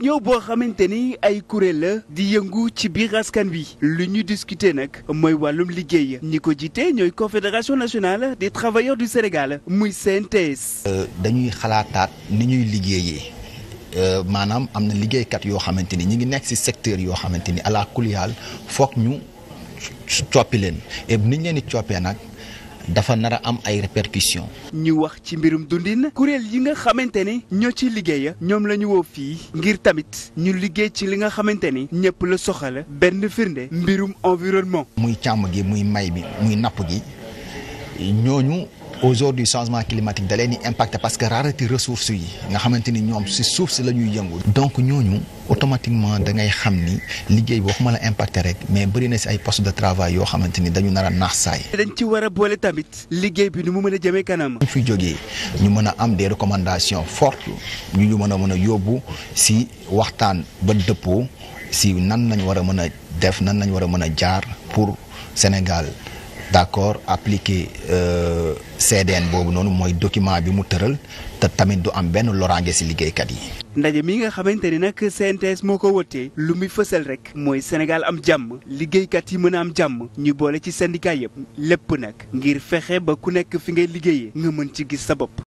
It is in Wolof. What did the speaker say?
ñëw boo xamante ni ay kuréel la di yëngu ci biir askan wi lu ñu discuter nag mooy wàllum liggéey ñi ko jiite ñooy confédération nationale di travailleurs du Sénégal muy CNTS. Euh, dañuy xalaataat ni ñuy liggéeyee. Uh, maanaam am na liggéeykat yoo xamante ni ñi ngi nekk ci secteur yoo xamante ni ala kuliyal foog ñu coppi leen et niñ leen di coppee nag dafa nar a am ay répercussions. ñu wax ci mbirum dundin kuréel yi nga xamante ni ñoo ci liggéeya ñoom la ñu woo fii ngir tamit ñu liggéey ci li nga xamante ni ñëpp la soxala benn firnde mbirum environnement. muy càmm gi muy may mi muy napp gi ñooñu. aujourd'hui changement climatique da leen di impacté parce que rareté ressources yi nga xamante ni ñoom si suuf si la ñuy yëngu. donc ñooñu automatiquement da ngay xam ni liggéey boo xuma la impacté rek mais bëri na si ay postes de travail yoo xamante ni dañu nar a naax saay. dañ ci war a boole tamit liggéey bi nu mu mën a jëmee kanam. ñu fi jógee ñu mën a am des recommandations fort ñu ñu mën a mën a yóbbu si waxtaan ba dëppoo si nan nañ war a mën a def nan nañ war a mën a jaar pour Sénégal. d'accord appliquer euh, CDN boobu noonu mooy document bi mu tëral te tamit du am benn loraange si liggéeykat yi. ndaje mi nga xamante ni nag CNTS moo ko wotee lu muy fësal rek mooy Sénégal am jàmm liggéeykat yi mën a am jàmm ñu boole ci syndicat yëpp lépp nag ngir fexe ba ku nekk fi ngay liggéeyee nga mën ci gis sa bopp.